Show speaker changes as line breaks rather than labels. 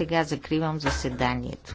Сега закривам заседанието.